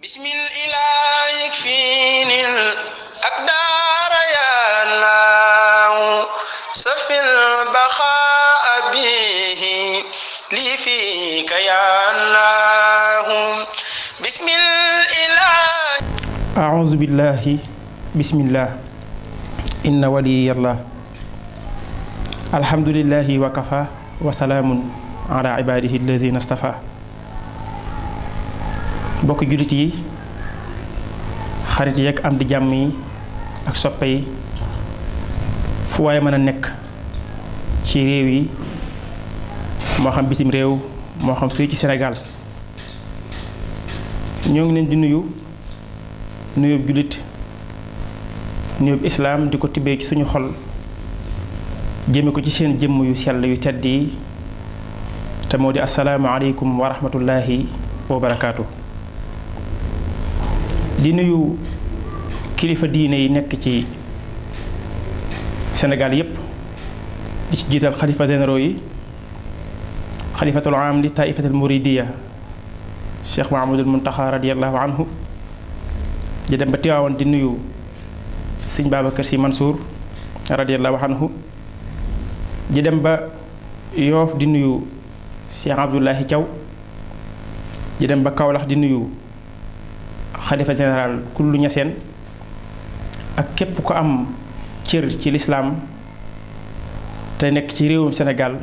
بسم الإله يكفيني الأقدار يا الله سف البخاء به لي فيك يا الله بسم الإله أعوذ بالله بسم الله إن ولي الله الحمد لله وكفى وسلام على عباده الذين اصطفى bokk julit yi xarit yi ak am di jammi ak soppe yi fu waaye nek ci réew yi mo xam bitim réew mo xam fi ci Sénégal ñoo ngi leen di nuyu nuyu julit nuyu islam diko ko ci suñu xol jëme ko ci seen jëm yu sel yu teddi yi te moo di wa rahmatullahi wa barakatuh di nuyu kilifa diine yi nekk ci Sénégal yépp di ci jiital xalifa généraux yi xalifatul am li taifatul muridiya Cheikh Mahamadul Muntaxa radiallahu anhu di dem ba Tiwaawan di nuyu sëñ Babacar Si Mansour radiallahu anhu di dem ba Yoof di nuyu Cheikh Abdoulahi Thiaw di dem ba kawlax di nuyu xalifa général kullu ñaseen ak képp ko am cër ci lislaam te nekk ci réewum senegal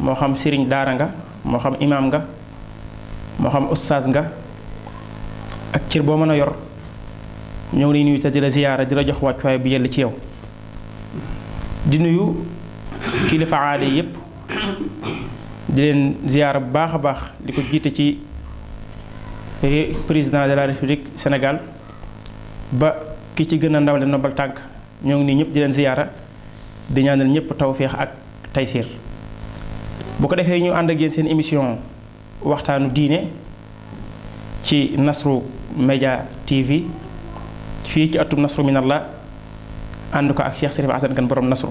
moo xam sëriñ daara nga moo xam imaam nga moo xam ustaas nga ak cër boo mën a yor ñoo ngi lay nuyu te di la ziyaara di jox wàccuwaay bu yell ci yow di nuyu kilifa aada yépp di leen ziyaara bu baax a baax di ko jiite ci président de la république sénégal ba ki ci gëna ndaw le nobal tank ñoo ngi ñëpp di leen ziyara di ñaanal ñëpp tawféex ak taysir bu ko defee ñu and ak yeen seen émission waxtaanu diiné ci nasru Media tv fi ci atum nasru minallah and ko ak cheikh Serif asan kan borom nasru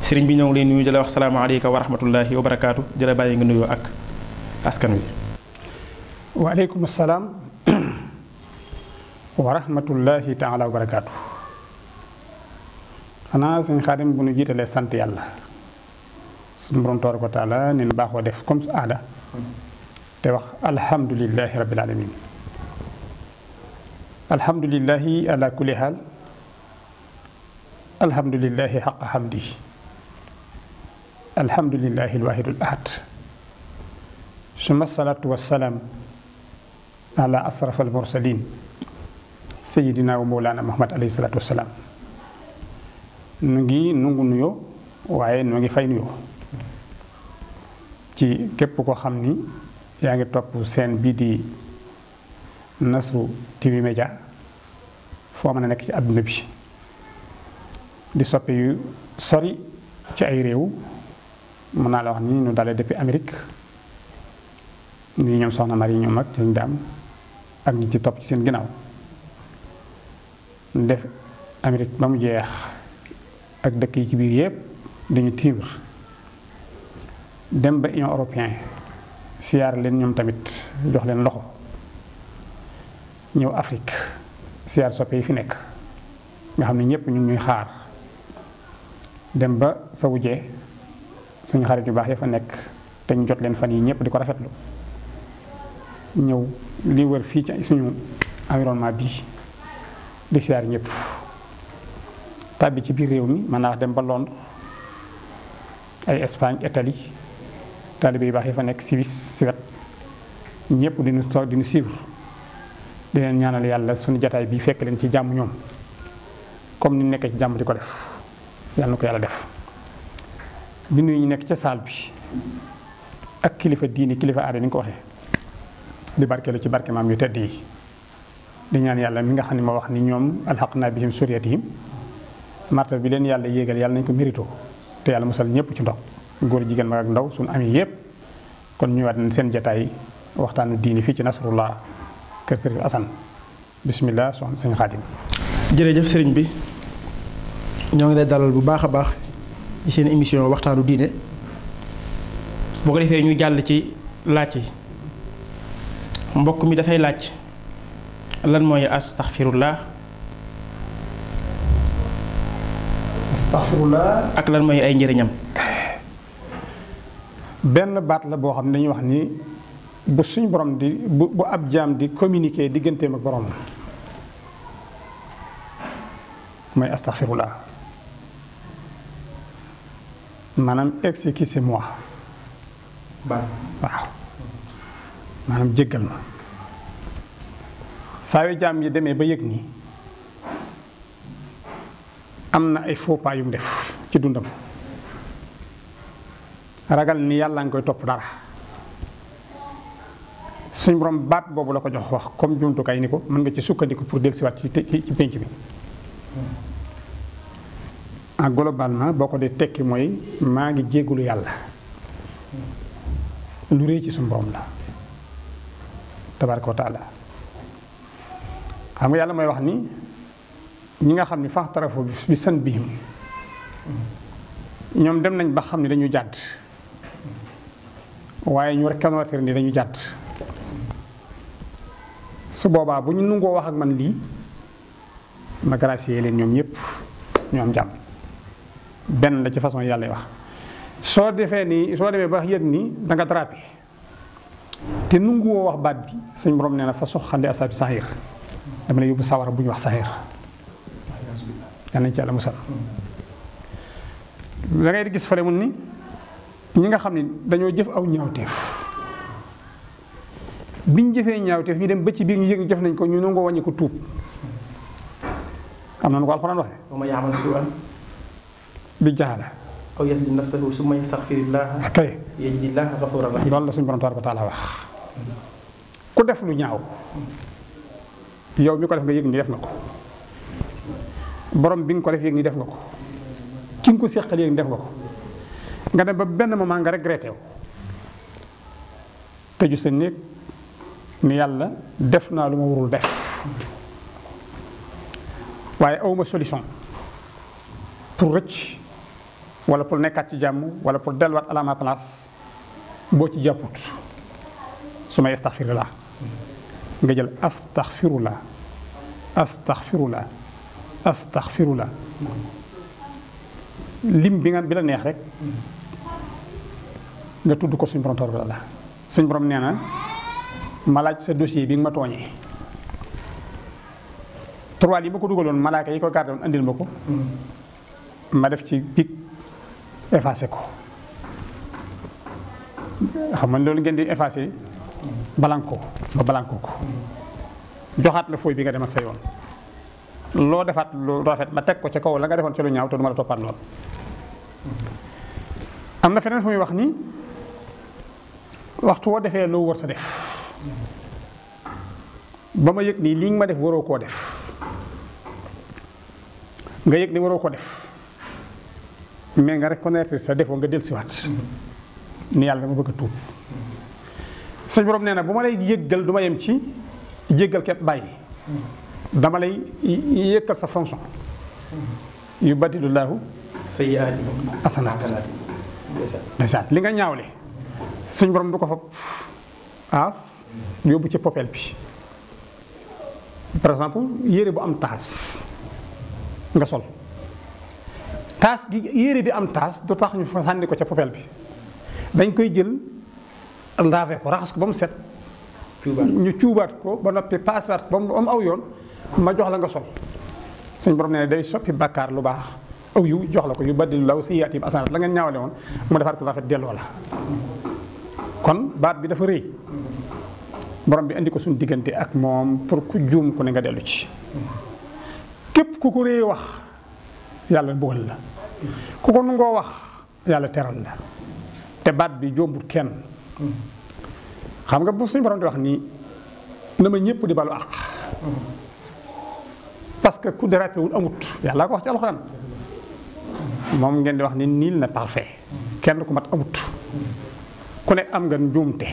serigne bi ñoo ngi lay nuyu di la wax salaamaaleykum wa rahmatullahi wa barakatuh jël baye nga nuyu ak askan wi waaleykum salaam wa rahmatullahi taala wa barakaatu xanaa suñ xaadim bu nu jiitalee sant yàlla suñu borom toor ko taala nin baaxoo def comme su aada te wax alhamdulilahi rabil alamin alhamdulilahi ala kulli xaal alhamdulilahi xaqa xamdi alhamdulilahi alwahidul ahad suma salaatu wasalaam ala asraf al mursalin sayidina wa mawlana muhammad alayhi salatu wasalaam nu ngi nungu nuyoo waaye noo ngi fay nuyoo ci képp ko xam ni yaa ngi topp seen bii di Nasrou TV Média foo mën a nekk ci àdduna bi di soppe yu sori ci ay réew mën naa la wax ni ñu dalee depuis Amérique ni ñoom soxna Mari ñoom mag dañ daam ak ñi ci top ci seen ginnaaw def Amérique ba mu jeex ak dëkk yi ci biir yépp dañu tiir dem ba union européen siyaar leen ñoom tamit jox leen loxo ñëw Afrique siyaar soppe yi fi nekk nga xam ne ñëpp ñu ñuy xaar dem ba sa wujjee suñu xarit yu baax ya fa nekk te ñu jot leen fan yi ñëpp di ko rafetlu ñëw li wër fi ci suñu environnement bi di siyaar ñëpp tabbi ci biir réew mi mën naa dem ba Londres ay Espagne Italie talibé yu baax yi fa nekk Suisse si wet ñëpp di ñu toog di ñu suivre di leen ñaanal yàlla suñu jataay bi fekk leen ci jàmm ñoom comme ni nekkee ci jàmm di ko def yàlla na ko yàlla def di nuyu ñu nekk ca salle bi ak kilifa diini kilifa aada ni nga ko waxee di barkeelu ci barke maam yu tedd yi li ñaan yàlla mi nga xam ne ma wax ni ñoom alxaq naa bihim suriyatihim martal bi leen yàlla yéegal yàlla nañ ko mérito te yàlla musal ñëpp ci ndox góor jigéen mag ak ndaw suñu amee yi yëpp kon ñëwaat seen jataay waxtaanu diini fii ci nasrullah kër sëriñ Asan bismillah soxna sëñ Xaadim jërëjëf sëriñ bi ñoo ngi lay dalal bu baax a baax ci seen émission waxtaanu diine boo ko defee ñu jàll ci laaj yi mbokk mi dafay laaj lan mooy astaghfirullah astaghfirullah ak lan mooy ay njëriñam benn baat la boo xam ne dañuy wax ni bu suñ borom di bu bu ab jaam di communiquer digganteem ak borom mooy astaxfirullah maanaam excusez-moi waaw maanaam jéggal ma saa yu jaam yi demee ba yëg ni am na ay faux yu mu def ci dundam ragal ni yàlla nga koy topp dara suñ borom baat boobu la ko jox wax comme jumtukaay ni ko mën nga ci sukkandiku pour dellusiwaat ci ci pénc bi ah globalement boo ko dee tekki mooy maa ngi jéggulu yàlla lu rëy ci suñu borom la tabar wa taala xam nga yalla may wax ni ñi nga xamni fa tarafu bi san bihim ñom dem nañ ba xamni dañu jatt waye ñu rek kanowatir ni dañu jatt su boba bu ñu nungo wax ak man li ma gracier leen ñom ñëpp ñu am jàmm benn la ci façon yalla wax so defé ni so ba ni da nga te nunguwoo wax baat bi suñ boroom nee na fa soxande asaabi saxiir dama lay yóbbu sawara bu ñu wax saxiir yal nañ ci yàlla gis fale mun ni ñi nga xam ni dañoo jëf aw ñaawteef biñ jëfee ñaawteef ñu dem ba ci biir ñu yëg jëf nañ ko ñu nangoo wàññi ko tuub am na nu ko alxuraan waxee bi jaala aw yaslim nafsahu summa yastaghfirillah kay yajidillah ghafuran rahim loolu la suñu borom tabaraka taala wax ku def lu ñaaw yow mi ko def nga yëg ni def nga ko borom bi nga ko def yëg ni def nga ko ki nga ko seqal yëg ni def nga ko nga dem ba benn moment nga regretté wu tëju sa néeg ni yàlla def naa lu ma warul def waaye awma solution pour rëcc wala pour nekkat ci jamm wala pour delwat ala ma place bo ci jàpput suma astaghfirullah, nga jël astaghfirullah astaghfirullah astaghfirullah lim bi nga bi la neex rek nga tuddu ko suñu borom tabaraka suñu borom ma laaj sa dossier bi nga ma trois li ma dugalon malaka yi ko gardon andil mako hmm. ma def ci pic effacé ko xam nga loolu ngeen di effacé balanko nga balanko ko joxaat na fooy bi nga demal sa yoon loo defaat lu rafet ma teg ko ci kaw la nga defoon ca lu ñaaw te du ma la toppaat lool. am na feneen fu muy wax nii waxtu woo defee loo war sa def ba ma yëg nii lii ma def waroo koo def nga yëg ni waroo ko def. mais nga reconnaître sa défaut nga wat ni yalla dama bëgg a sëñ borom néna buma lay yéggal duma ma yem ci yéggal kepp bàyyi dama lay yëkkal sa fonction yu badilulaahu asanaat ndeysaan li nga ñaawlé sëñ borom du ko as aas yóbbu ci popel bi par exemple yéré bu am tas nga sol taas gi yére bi am taas du tax ñu fa sànni ko ca poubelle bi dañ koy jël ndaave ko raxas ko ba mu set. ñu cuubaat ko ba noppi paasawaat ko ba mu aw yoon ma jox la nga sol suñ borom nee day soppi bakkaar lu baax aw yu jox la ko yu baddilu law sayyi'aatihim hasanat la ngeen ñaawale woon mu defaat ko rafet delloo la kon baat bi dafa rëy borom bi indi ko suñu diggante ak moom pour ku juum ku ne nga dellu ci képp ku ko rëy wax. yàlla bëggal la ku ko nungoo wax yàlla teral la te baat bi jombut kenn xam nga bu suñu borom di wax nii na ma ñëpp di balu àq parce que ku dérapé wul amut yàlla ko wax ci alxuraan moom ngeen di wax ni niil na parfait kenn ku mat amut ku ne am nga njuumte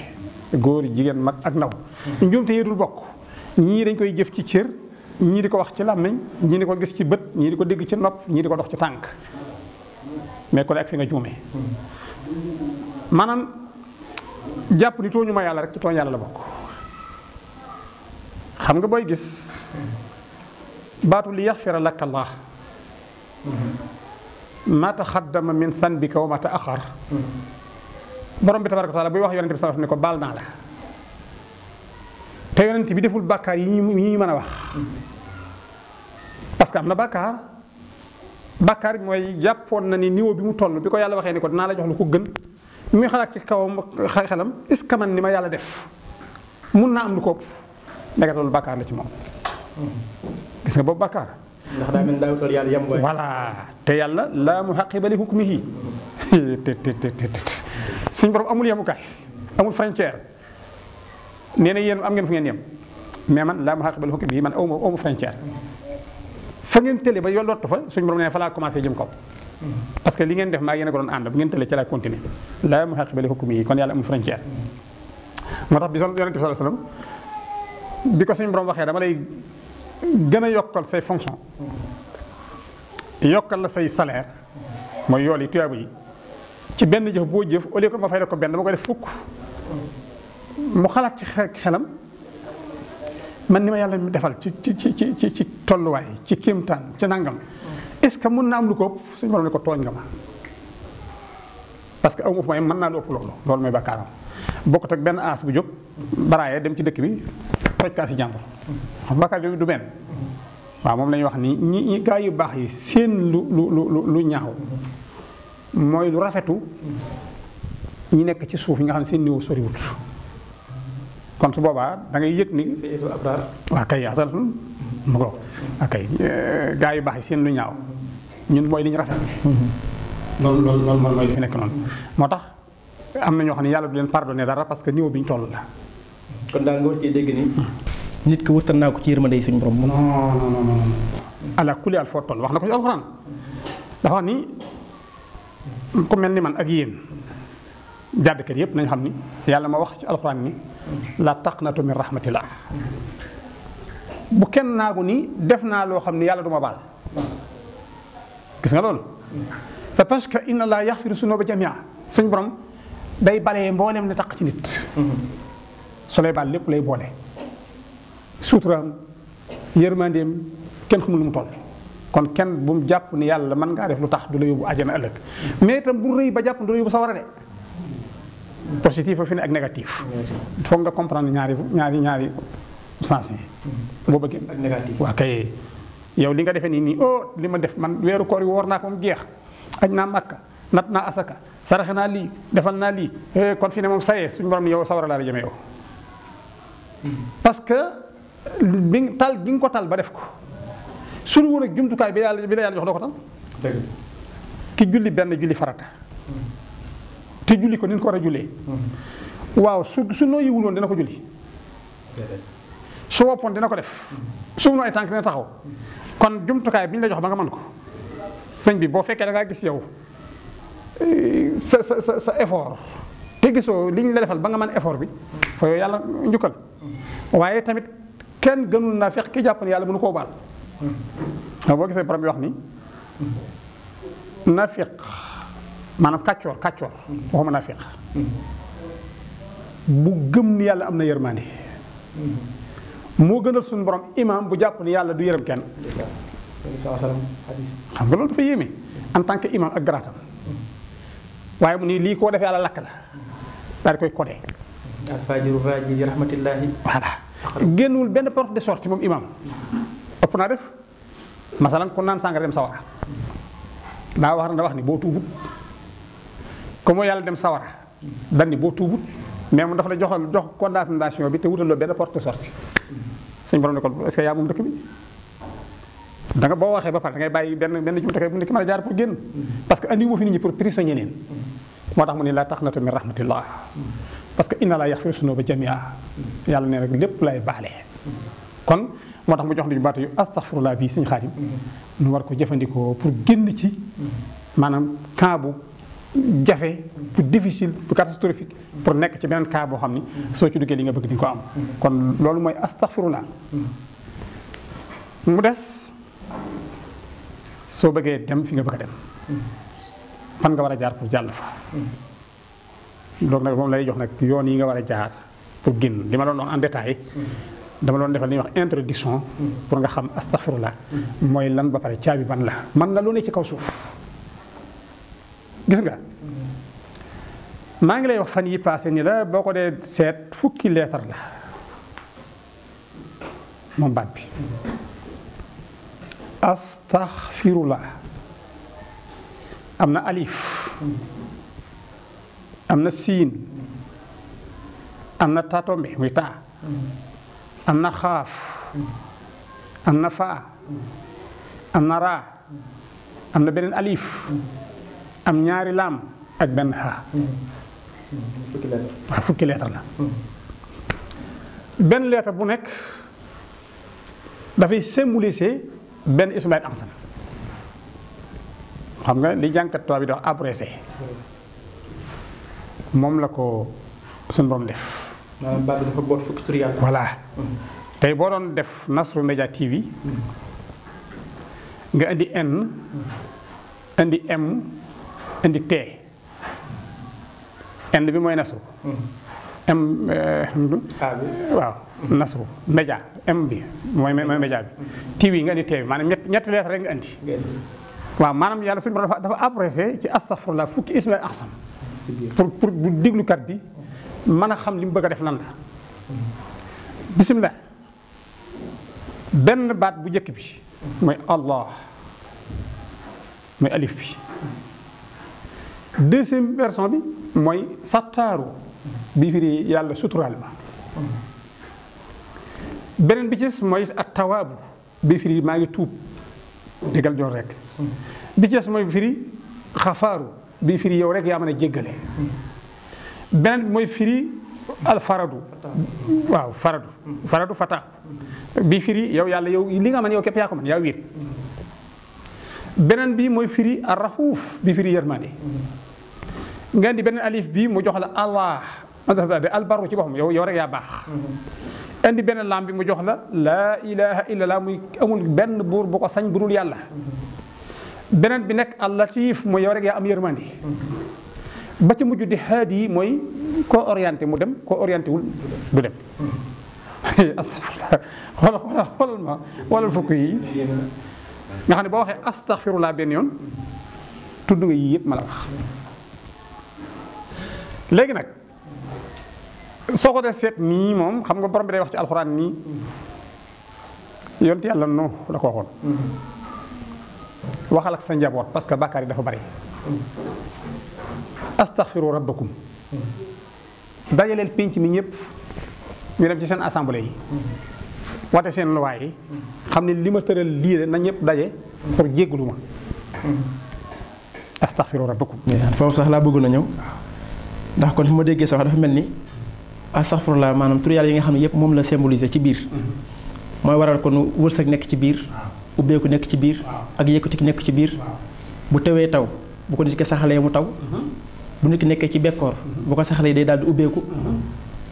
góor jigéen mag ak ndaw njuumte yi dul bokk ñii dañ koy jëf ci cër ñii di ko wax ci làmmiñ ñii di ko gis ci bët ñii di ko dégg ci nopp ñii di ko dox ci tànk mais ku nekk fi nga juumee maanaam jàpp ni ñu ma yàlla rek ci tooñ yàlla la bokk xam nga booy gis baatu li yaxfira laka allah ma taxaddama min sanbika wa ma taaxar borom bi tabaraka taala buy wax yonente bi salaf ne ko baal naa la te yonent bi deful bàkkaar yi ñu yi ñu man a wax parce am na bàkkaar bàkkaar bi mooy jàppoon na ni niveau bi mu toll bi ko yàlla waxee ni ko dinaa la jox lu ko gën muy xalaat ci kawam xelam est-ce que man ni ma yàlla def mun naa am lu ko nekk loolu bàkkaar la ci moom gis nga boobu bàkkaar ndax daa mel daawutoon yàlla yem voilà te yàlla laa muhaqqiba li hukmihi te te te suñ borom amul yemukaay amul frontière nee na yéen am ngeen fu ngeen yem mais man laa ma xaqibal xukki bii man aw ma aw ma frontière fa ngeen tële ba yoon lottu fa suñu borom nee fa laa commencé jëm kaw. parce que li ngeen def maa yéen a ko doon ànd bu ngeen tële ci laa continuer laa ma xaqibal xukki bii kon yàlla amul frontière. moo tax bi son yonente bi sallallahu alayhi wasallam ko suñu borom waxee dama lay gën a yokkal say fonction yokkal la say salaire mooy yool yi tuyaabu yi ci benn jëf boo jëf au lieu ma fay la ko benn dama koy def fukk. mu xalaat ci xelam man ni ma yàlla mi defal ci ci ci ci ci tolluwaay ci kéemtaan ci nangam est-ce que mun na am lu ko ëpp suñu borom ne ko tooñ nga ma parce que aw ma fu may mën naa lu ëpp loolu loolu mooy bakkaaram bokkut ak benn aas bu jóg baraaye dem ci dëkk bi toj kaa si jàmbur yooyu du benn waaw moom la wax ni ñi yu baax yi seen lu ñaaw mooy lu rafetu ñi nekk ci suuf yi nga xam ne seen niveau soriwut kon su boba da ngay yek ni wa kay asal mu ko akay gaay yu baax seen lu ñaaw ñun moy li ñu rafet non non non man mooy fi nek non motax tax am na ñoo xamni yalla du leen pardonner dara parce que ñew biñ ñu toll la kon da nga war cee dégg ni nit ko wurtal na ko ci yërmande suñu borom non non non non ala kulli al foo wax na ko ci alxuraan dafa ni ku melni man ak yeen jàddkat yëpp nañ xam ni yàlla ma wax ci alxuraan ni la taqnatu min rahmatillah bu kenn naagu ni def naa loo xam ni yàlla du ma baal gis nga loolu c'est parce que inna laa yaxfiru sunuba jamia suñ borom day balee mbooleem ne taq ci nit su lay baal lépp lay boole suuturaam yërmandeem kenn xamul lu mu toll kon kenn bu mu jàpp ni yàlla mën ngaa def lu tax du la yóbbu àjjana ëllëg mais itam bu rëy ba jàpp du la yóbbu sawara de positif fi ak négatif fo nga comprendre ñaari ñaari ñaari sens yi mhm. bo bëgg ak négatif wa kay yow li nga defee ni oh lima def man wéru koor yi woor naa ko jeex aj na makka nat asaka saraxe li lii defal naa lii eh, kon fi ne mom saye suñu borom yow sawara la jëme yow mhm. parce que bi tal gi nga ko tal ba def ko suñu won ak kay bi yalla bi yalla jox do ko tal ki julli ben julli farata mhm. te julli ko ni ko war a jullee mm-hmm. waaw su su noo yiwul dina ko julli su woppoon dina ko def mm-hmm. su mu ay tànk dina taxaw mm-hmm. kon jumtukaay bi ñu la jox ba nga mën ko sëñ bi boo fekkee da ngaa gis yow eh, sa sa sa sa te gisoo li ñu la defal ba nga mën effort bi fa yàlla njukkal waaye tamit kenn gënul naa fex ki jàpp ne yàlla mënu koo baal waaw boo gisee borom bi wax ni nafiq maanaam kàccoor kàccoor waxuma naafiq bu gëm ni yàlla am na yërmaande moo gënal suñu borom imaam bu jàpp ni yàlla du yërëm kenn xam nga loolu dafa yéeme en tant que imaam ak garaatam waaye mu ni lii koo defee yàlla lakk la daal di koy codé alfajiru raji rahmatillahi voilà benn porte de sortie moom imaam ëpp naa def masalan ku naan sàngara dem sawara daa wax na wax ni boo tuubut ku mu yàlla dem sawara danni boo tuubut mais mu dafa la joxal jox condamnation bi te wutaloo benn porte sortie suñu borom ne ko est-ce que da nga boo waxee ba pare da bàyyi benn benn jumtukaay bu nekk mën a jaar pour génn parce que andi wu fi nit ñi pour prisonnier neen moo tax mu ne laa taqnatu min rahmatillah parce que inna laa yaxfiru sunuba jamia yàlla nee nag lépp lay baale kon moo tax mu jox nañu baatu yu astaghfirullah bii suñu xaatim nu war ko jëfandikoo pour génn ci maanaam jafe bu difficile bu catastrophique pour nekk ci beneen cas boo xam ni soo ci duggee li nga bëgg di ko am kon loolu mooy astaxfirullah mu des soo bëggee dem fi nga bëgg a dem fan nga war a jaar pour jàll fa loolu nag moom lay jox nag yoon yi nga war a jaar pour génn li ma doon wax en détail dama doon defal li ñuy wax introduction pour nga xam astaxfirullah mooy lan ba pare caabi ban la man nga lu ne ci kaw suuf gis nga maa ngi lay wax fan yi passé ni la boo ko dee seet fukki leetar la moom baat bi astaxfirullah am na alif am na siin am na tatombe muy am na xaaf am na faa am na raa am na beneen alif am ñaari lam ak ben ha ah, fukki lettre la ben lettre bu da fay symboliser ben ismaïl ansam xam nga li jankat tubaab bi do wax mom la ko sun borom def maanaam baat bi dafa boot fukki tur voilà tey boo doon def nasru media TV nga andi N andi M indi tee end bi moy nasu mm-hmm. m eh, waaw nasu média m bi moy mooy média bi mm-hmm. tiwi nga indi tee manam ñet lettre rek nga indi waaw manam yalla suñu borom dafa apprécié ci astaghfirullah fukki ismail ahsan pour pour bu kat bi mana xam lim bëgg def lan la mm-hmm. bismillah ben baat bu jëk bi moy allah moy alif bi deuxième version bi mooy sattaaru bi firi yàlla suturaal ma beneen bi ci mooy at bi firi maa ngi tuub déggal joor rek bi ci mooy firi xafaaru bi firi yow rek yaa mën a jéggale beneen bi mooy firi al faradu waaw fata bi firi yow yàlla yow li nga man yow képp yaa ko man yaa wiir beneen bi mooy firi ar rafuuf bi firi yërmande nga indi beneen alif bi mu jox la allah albarru ci boppam yow yow rek yaa baax. Mm-hmm. indi beneen laam bi mu jox la laa ilaha illallah muy amul benn buur bu ko sañ budul yàlla. Mm-hmm. beneen bi nekk allatif mooy yow rek yaa am yërmandi. Mm-hmm. ba ci mujj di xaad yi mooy koo orienté mu dem koo orienté wul du dem. astafurlah xoolal xoolal ma xoolal fukk nga xam ne boo waxee astaxfirullah benn yoon tudd nga yii yëpp ma la wax. léegi nak soko ko set ni mom xam nga borom bi day wax ci alcorane ni yonti yalla no da ko waxoon waxal ak sa njabot parce que bakari dafa bari astaghfiru rabbakum dajaleel pinch mi ñëpp ñu dem ci sen assemblée yi wate sen loi yi xamni lima teural li na ñëpp dajé pour jégglu astaghfiru rabbakum foofu sax la bëgguna ñew ndax kon fi ma déggee sax dafa mel ni astaghfirullah maanaam tur yàlla yi nga xam ne yëpp moom la symboliser ci biir mm-hmm. mooy waral kon wërsëg nekk ci biir ubbeeku nekk ci biir ak yëkkati nekk ci biir bu tewee taw bu ko nit ki saxalee mu taw mm-hmm. bu nit ki nekkee ci bekkoor mm-hmm. bu ko saxalee day daal di ubbeeku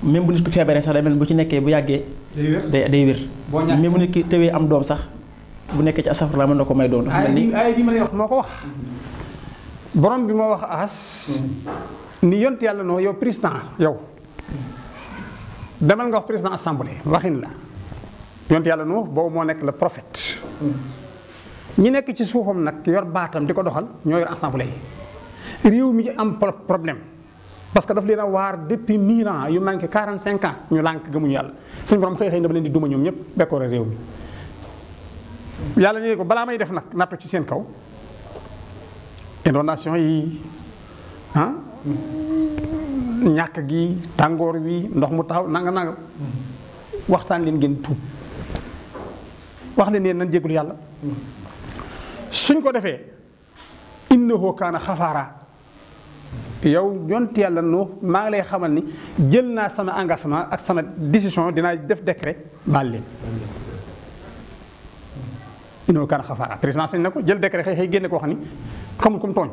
même bu nit ko feebaree mel bu ci nekkee bu yàggee day day wér même bu nit ki tewee am doom sax bu nekkee ci astaghfirullah mën na ko may doon dafa mel ni moo ko wax borom bi moo wax aas ni yont yalla no yow president yow demal nga wax president assemblée waxin la yont yalla no bo mo nek le prophète ñi nek ci suufam nak yor batam diko doxal ñoy yor assemblée yi mi am problème parce que daf leena war depuis mille ans yu manke 45 ans ñu lank lànk ñu yalla suñu borom xey xey na balen di duma ñom ñep bekkoore réew mi yalla ñi ko bala may def nak nattu ci seen kaw indonation yi ah ñàkk gi tàngoor wi ndox mu taxaw nanga nanga waxtaan leen ngeen tuub wax leen ne nan jégul yàlla suñ ko defee innahu kaana xafaara yow ñoont yàlla nu maa ngi lay xamal ni jël naa sama engagement ak sama décision dinaa def décret baal leen innahu kaana xafaara président sañ na ko jël décret xëy xëy génne ko wax ni xamul kum tooñ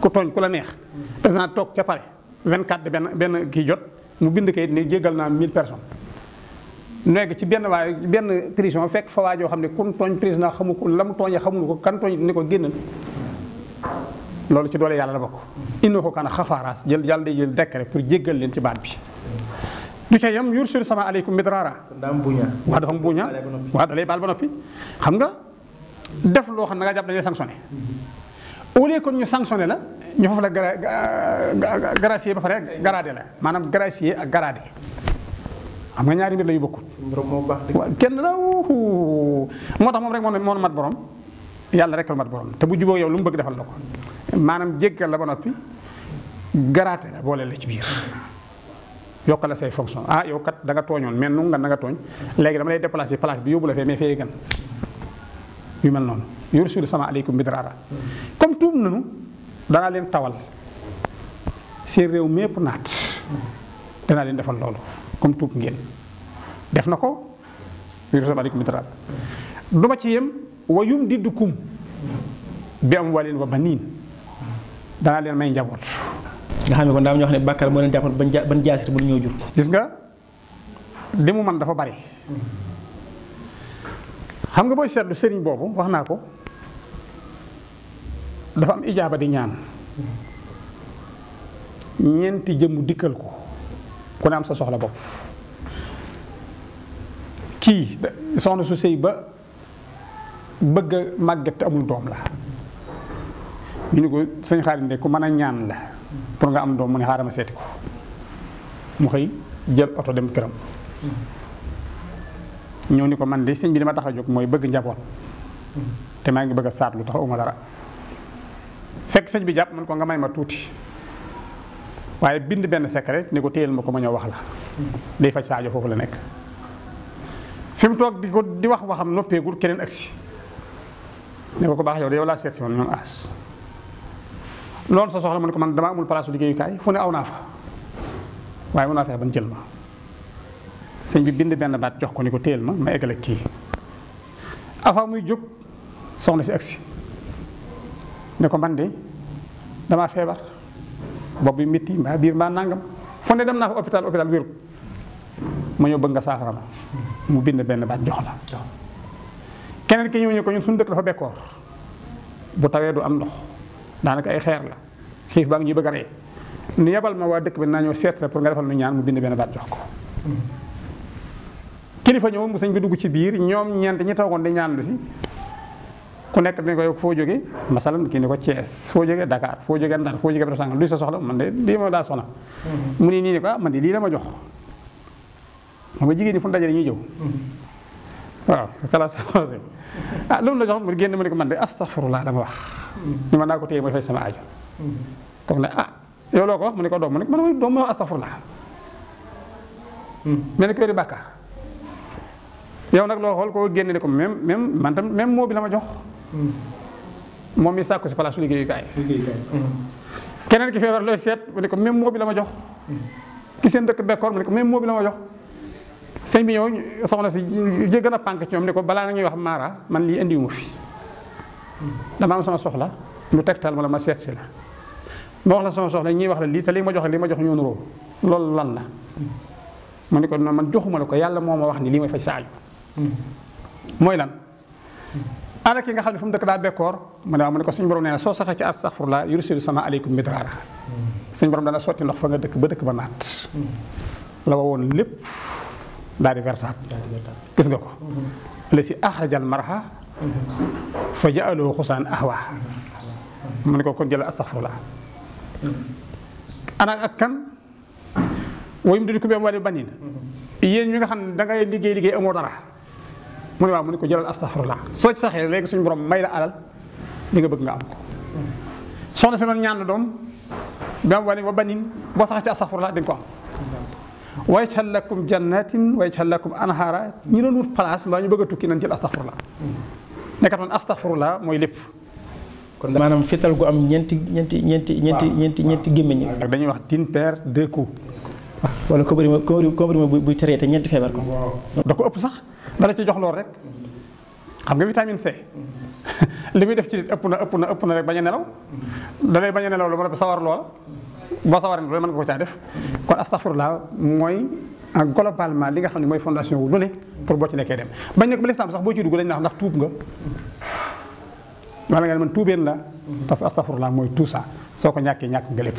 ku tooñ ku la neex président toog ca pare 24 de benn benn kii jot mu bind kayit ni jéggal naa 1000 personnes nekk ci benn waaye benn prison fekk fa joo xam ne kun tooñ président xamu ko la mu tooñee xamuñu ko kan tooñ ni ko génnal loolu ci doole yàlla la bokk inna ko kana xafaaraas jël yàlla day jël décret pour jéggal leen ci baat bi du ca yam yursir sama aleykum midraara waa dafa am buuña waa dalay baal ba noppi xam nga def loo xam ne nga jàpp dañuy sanctionné au lieu kon ñu sanctionné la ñu foofu la gra gracier ba pare gradé la maanaam gracier ak gradé xam nga ñaari mbir la yu bokkul. kenn la moo tax moom rek moo moo mat borom yàlla rek la mat borom te bu jubóo yow lu mu bëgg defal la ko maanaam jéggal la ba noppi gradé la boole la ci biir. yokkal la say fonction ah yow kat danga nga tooñoon mais nu nga da nga tooñ léegi dama lay déplacé palace bi yóbbu la fee mais fee gën yu mel noonu. yursilu sama alaykum bidrara comme tuub da dana len tawal rew mepp punat, da na len defal lolu comme tout ngeen def nako yursilu sama alaykum bidrara duma ci yem wa didukum bi walin wa banin na len may njabot nga xamé ko ndam daam ñoo xam ne bàkkaar moo leen ban bu ñu jur gis nga limu man dafa bari xam nga boy serigne bobu dafa am ijaaba di ñaan ñeenti jëmm dikkal ko ku ne am sa soxla bopp kii soxna su sëy ba bëgg màgget te amul doom la ñu ne ko sëñ xaarim de ku mën a ñaan la pour nga am doom mu ne xaaral ma seeti ko mu xëy jël oto dem këram ñëw ni ko man de sëñ bi dama tax a jóg mooy bëgg njaboot te maa ngi bëgg a saat lu tax uma dara fekk sëñ bi jàpp man ko nga may ma tuuti waaye bind benn secret ni ko téyel ma ko ma ñëw wax la day faj saajo foofu la nekk fi mu toog di ko di wax waxam noppeegul keneen agsi ne ko ko baax yow de yow laa seet si man ñoom aas loolu sa soxla mu ne ko man dama amul palaasu liggéeyukaay fu ne aw naa fa waaye mën naa fexe ban jël ma sëñ bi bind benn baat jox ko ni ko téyel ma ma eggale kii afa muy jóg soxna si agsi ne ko man de damaa feebar bopp bi métti mbaa biir mbaa nangam fu dem naa fa hôpital hôpital wéru ma ñëw bëgg nga saafara mu bind benn baat jox la keneen ki ñëw ñu ko ñun suñu dëkk dafa bekkoor bu tawee du am ndox daanaka ay xeer la xiif baa ngi ñuy bëgg a rey ni yebal ma waa dëkk bi naa ñëw seet la pour nga defal nu ñaan mu bind benn baat jox ko hmm. kilifa ñëw mu sëñ bi dugg ci biir ñoom ñeent ñi toogoon di ñaan lu si ku nekk dañ koy foo jóge masalan kii ni ko Thiès foo jóge Dakar foo jóge Ndar foo jóge Bérou Sànq luy sa soxla man de lii ma daa soxla. Mhm. mu ne nii ne ko ah man de lii la ma jox xam nga jigéen ñi fu mu dajale ñuy jëw. Mhm. waaw xalaat ah lu mu la jox mu génn ma ne ko man de astaghfirullah dama wax. ñu mhm. mën naa ko téye mooy fay sama aajo. kooku ne ah yow loo ko wax mu ne ko doom mu ne man mooy doom ma wax astaghfirullah. mel ni ku yore bàkkaar yow nag loo xool koo génne ne ko même même man tam même moo bi la ma jox. Mm-hmm. moom mi sàkku si palaasu liggéeyukaay. Mm-hmm. keneen ki feebar looy seet mu ne ko même moo bi la ma jox. Mm-hmm. ki seen dëkk bekkoor mu ne ko même moo bi la ma jox. sëñ bi ñëw soxna si jë gën a pànk ci ñoom ne ko balaa nga ñuy wax maara man lii indiwuma fi. dama am sama soxla lu tegtal ma la ma seet si la. ma wax la sama soxla ñuy wax la lii te li ma jox li ma jox ñoo nuroo loolu lan la. mu ne ko man joxuma la ko yàlla moo ma wax ni lii may faj sa aju. mooy lan. ana ki nga xamni fum dekk da bekor mané bekkoor mu ne ko borom néna so saxé ci astaghfirullah yursilu sama alaykum midraara suñu borom dana soti ndox fa nga dekk ba dekk ba nat la woon lepp daal di gis nga ko mm-hmm. la si akhrajal marha mm-hmm. fa khusan ahwa mané mm-hmm. ko kon jël astaghfirullah ana ak kan wayum di ko bi wali banin yéen ñi nga xamni da ngay liggéey liggéey amo dara mu ne waaw mu ne ko jëlal astaxfirullah soo ci saxee léegi suñu borom may la alal li nga bëgg nga am ko soxna si noonu ñaan la doom ba wane wa banin boo saxee ci astaxfirullah di nga ko am wa yaj'al lakum jannatin wa yaj'al lakum anhaara ñi doon wut place mbaa ñu bëgg a tukki nañ jël astaxfirullah nekkatoon astaxfirullah mooy lépp kon maanaam fital gu am ñeenti ñeenti ñeenti ñeenti ñeenti ñeenti gémmiñ ak dañuy wax d'une paire deux coups wala ko bëri ma ko bëri ma buy teree te ñeenti feebar ko da ko ëpp sax dala ci jox loolu rek xam nga vitamine C li muy def ci nit ëpp na ëpp na ëpp na rek bañ a nelaw da bañ a nelaw lu ba sawar loola boo sawaree loolu mën nga ko caa def kon laa mooy globalement li nga xam ne mooy fondation wu lu ne pour boo ci nekkee dem bañ nekk ba lislaam sax boo ci dugg dañ naan ndax tuub nga wala nga ne man tuubeen la parce que astafurlah mooy tout ça soo ko ñàkkee ñàkk nga lépp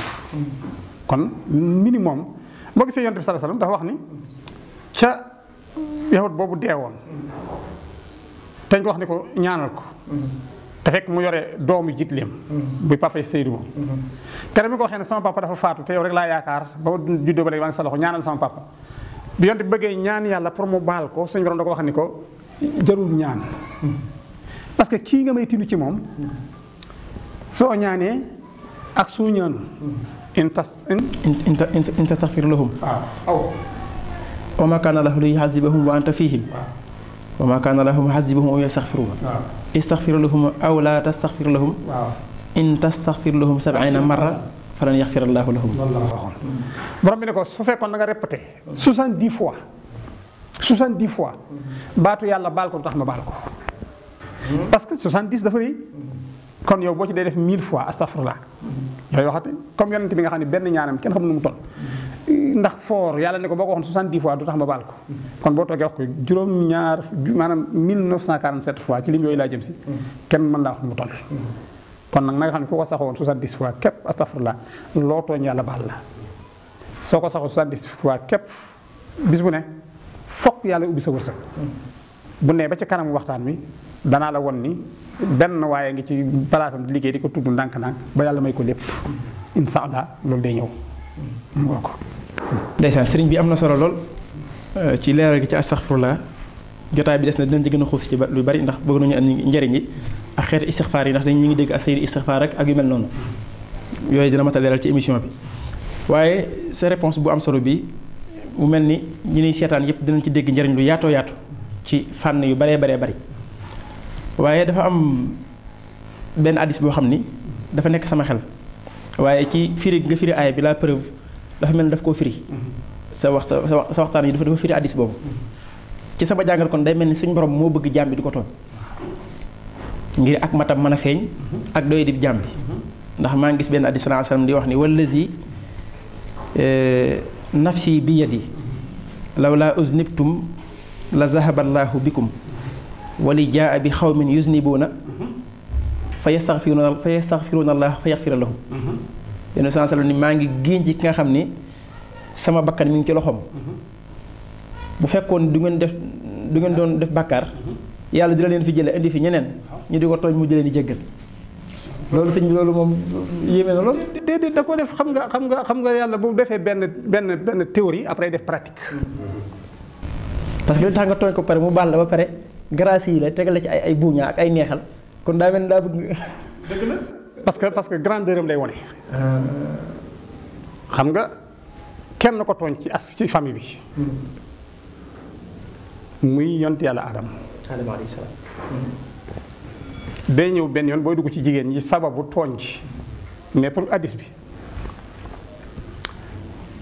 kon minimum boo gisee yonent dafa wax ni yahut boobu deewoon te ñu wax ni ko ñaanal ko te fekk mu yore doomu jitleem bu papa Seydou moom keneen mi ko waxee ne sama papa dafa faatu te yow rek laa yaakaar ba ma juddoo ba léegi maa ngi sa ñaanal sama papa bi yonte bëggee ñaan yàlla pour mu baal ko suñu borom da ko wax ni ko jarul ñaan parce que kii nga may tinu ci moom soo ñaanee ak soo ñaanul in tas in in tastaxfir lahum waaw وما كان لهم ليعذبهم وانت فيهم وما كان لهم يعذبهم ويستغفرون نعم. استغفر لهم او لا تستغفر لهم نعم. ان تستغفر لهم سبعين مره فلن يغفر الله لهم برام نيكو سو فيكون نغا ريبتي 70 فوا 70 فوا باتو يالا بالكو تخما بالكو باسكو 70 دا فري كون يو بوتي دي ديف 1000 فوا استغفر الله يا يوخاتي كوم يونتي ميغا خاني بن نيانام كين خامنو مو تون ndax foor yàlla ne ko boo ko waxoon soixante-dix fois du tax ma baal ko kon boo toogee wax ko juróom ñaar maanaam 1947 fois ci lim yooyu laa jëm si kenn mën laa wax mu toll kon nag na nga xam ne ku ko saxoon soixante-dix fois képp loo tooñ yàlla baal la soo ko saxoon soixante-dix fois képp bis bu ne fokk yàlla ubbi sa wërsëg bu ne ba ci kanamu waxtaan wi danaa la won ni benn waaye ngi ci palaasam di liggéey di ko tudd ndànk-ndànk ba yàlla may ko lépp incha allah loolu day ñëw ngoo ko ndeysaan sëriñ bi am na solo lool euh, ci leeral gi ci astaghfirullah jotaay bi des na dinañ ci gën a xuus ci lu bari ndax bëgg nañu am njëriñ yi ak xeetu istighfar yi ndax dañu ñu ngi dégg ak sayri istighfar ak ak yu mel noonu yooyu dina mata a leeral ci émission bi waaye sa réponse bu am solo bi mu mel ni ñu niy seetaan yëpp dinañ ci dégg njëriñ lu yaatoo yaatu ci fànn yu baree baree bari waaye dafa am benn addis boo xam ni dafa nekk sama xel waaye ci firi nga firi aay bi la preuve dafa mel ni daf koo firi. sa wax sa sa waxtaan yi dafa dafa firi addis boobu. ci sama jàngat kon day mel ni suñu borom moo bëgg jaam bi ko tooñ. ngir ak matam mën a feeñ. ak doy di ndax maa ngi gis benn addis sallallahu alayhi di wax ni wallazi eh, nafsi bi yadi la zahaballahu bikum wali jaa bi xawmin yuznibuuna fa yastaxfiruuna fa yastaxfiruuna allah fa yaxfira lahum yenn saa ni maa ngi génn ki nga xamni sama bakkar mi ngi ci loxom mm-hmm. bu fekkon du ngeen def du ngeen doon def bàkkaar mm-hmm. yàlla dina leen fi jële indi fi ñeneen ñu di ko tooñ mu jëlee ni jéggal lolu señ bi loolu moom yéeme na lolu déedéet da ko def xam nga xam nga xam nga yalla bu defee ben ben ben théorie après def pratique. Mm-hmm. parce que li tax nga ko paré mu bal la ba paré grâce yi la tégal la ci ay ay buña ak ay neexal kon da mel da bëgg. dëgg la. parce que parce que grandeur lay wone xam nga kenn ko tooñ ci as ci famille bi muy yont yàlla Adam Adam day ñëw benn yoon booy dugg ci jigéen ñi sababu tooñ ci mais pour addis bi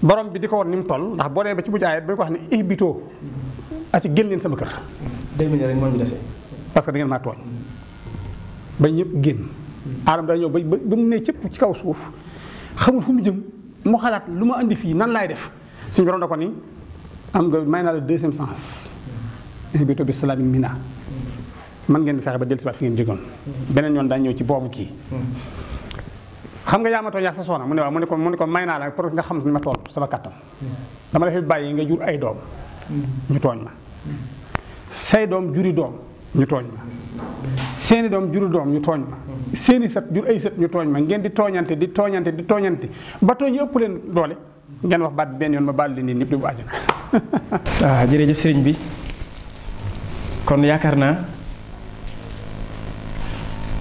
borom bi di ko woon ni mu toll ndax boo dee ba ci mujj aayat ba ko wax ne ihbitoo a ci génn leen sama kër. day mel ni rek que da ngeen tooñ ba ñëpp génn. aadama daa ñëw ba ba mu ne cëpp ci kaw suuf xamul fu mu jëm mu xalaat lu ma indi fii nan laay def suñu borom da ko ni am nga may naa la deuxième sens ihbitu bi salaamin minna man ngeen fexe ba dellusiwaat fi ngeen jógoon beneen yoon daa ñëw ci boobu kii xam nga yaa ma tooñ yaa sa soxna mu ne waaw mu ne ko mu ne ko may naa la pour nga xam ni ma tool sama kàttan dama la fi bàyyi nga jur ay doom ñu tooñ ma say doom juri doom ñu tooñ ma seeni doom juru doom ñu tooñ ma seeni sët jur ay sët ñu tooñ ma ngeen di tooñante di tooñante di tooñante ba tooñ yi ëpp leen doole ngeen wax baat benn yoon ma baal leen ñëpp di bu àjjana. waaw jërëjëf sëriñ bi kon yaakaar naa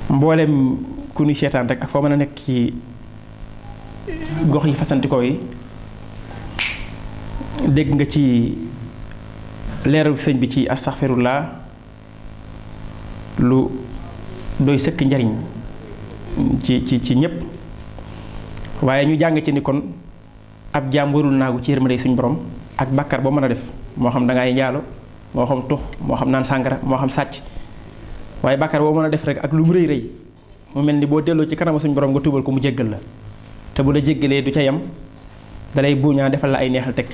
mboolem ku ñu seetaan rek ak foo mën a nekk ci gox yi fasantikoo yi dégg nga ci leeral sëñ bi ci laa lu doy sëkk njariñ ci ci ci ñépp waaye ñu jàng ci ni kon ab jaam warul naagu ci yërmande suñu borom ak bàkkar boo mën a def moo xam da ngay njaalo moo xam tux moo xam naan sàngara moo xam sàcc waaye bàkkar boo mën a def rek ak lu mu rëy rëy mu mel ni boo delloo ci kanama suñu borom nga tubal ko mu jéggal la te bu la jéggalee du ca yam dalay buuñaa defal la ay neexal teg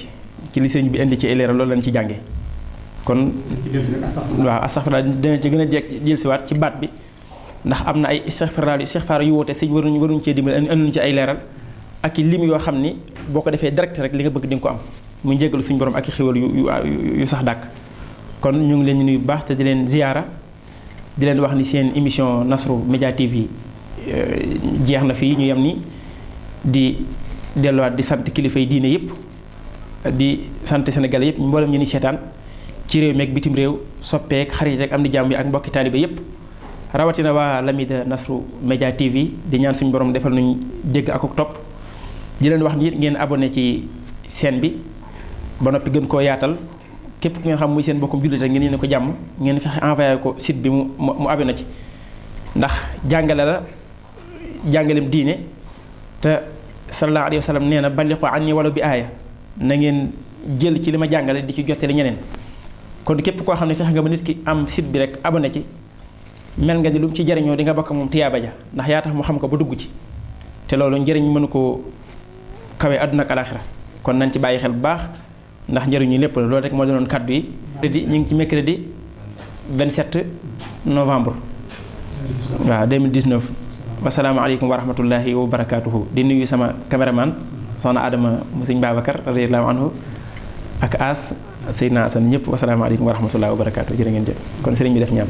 ci li sëñ bi indi ci leeral loolu lañ ci jànge kon waaw astaghfirullah dina ci gën a jekk jël siwaat ci baat bi ndax amna na ay istighfar yu istighfar yu woote si waruñ waruñ cee dimbali anduñ ci ay leeral ak i lim yoo xam ni boo ko defee direct rek li nga bëgg di ko am mu njéggalu suñu borom ak i yu yu sax dàkk kon ñu ngi leen di nuyu bu baax te di leen ziyaara di leen wax ni seen émission Nasrou Média TV euh, jeex na fii ñu yem ni di delluwaat di sant kilifa yi diine yëpp di sante Sénégalais yëpp mboolem ñu ni seetaan ci rew mek bitim réew soppeek xarit ak am jambi jàmm yi ak mbokki taalibe yépp rawatina Lamida Nasru Media TV di ñaan suñu borom defal nuñu dégg ak ak top di leen wax nit ngeen abonné ci sen bi ba nopi gën ko yaatal kep ku nga xam muy sen bokkum jullit ngeen yéene ko jamm ngeen fexe envoyer ko site bi mu mu abonné ci ndax jangale la jangalem diine te sallallahu alayhi wasallam neena nee anni wala bi aya na ngeen jël ci lima ma di ci jottali ñeneen kon képp koo xam ne fexe nga ba nit ki am site bi rek abonné ci mel nga ni lu mu ci jariñoo di nga bokk moom tiyaaba ja ndax yaa tax mu xam ko ba dugg ci te loolu njëriñ mënu ko kawe àdduna ak alaxira kon nañ ci bàyyi xel bu baax ndax njëriñu lépp loolu rek moo doonoon kàddu yi. ñu ngi ci mercredi 27 novembre. waaw 2019. wasalaamaaleykum wa rahmatullahi wa barakaatuhu di nuyu sama caméraman soxna Adama mu sëñ Babacar radiyallahu anhu As. ñep wa salaamu alaykum wa rahmatullahi wa barakatuh jere ngeen jëf kon sëriñ bi def ñaan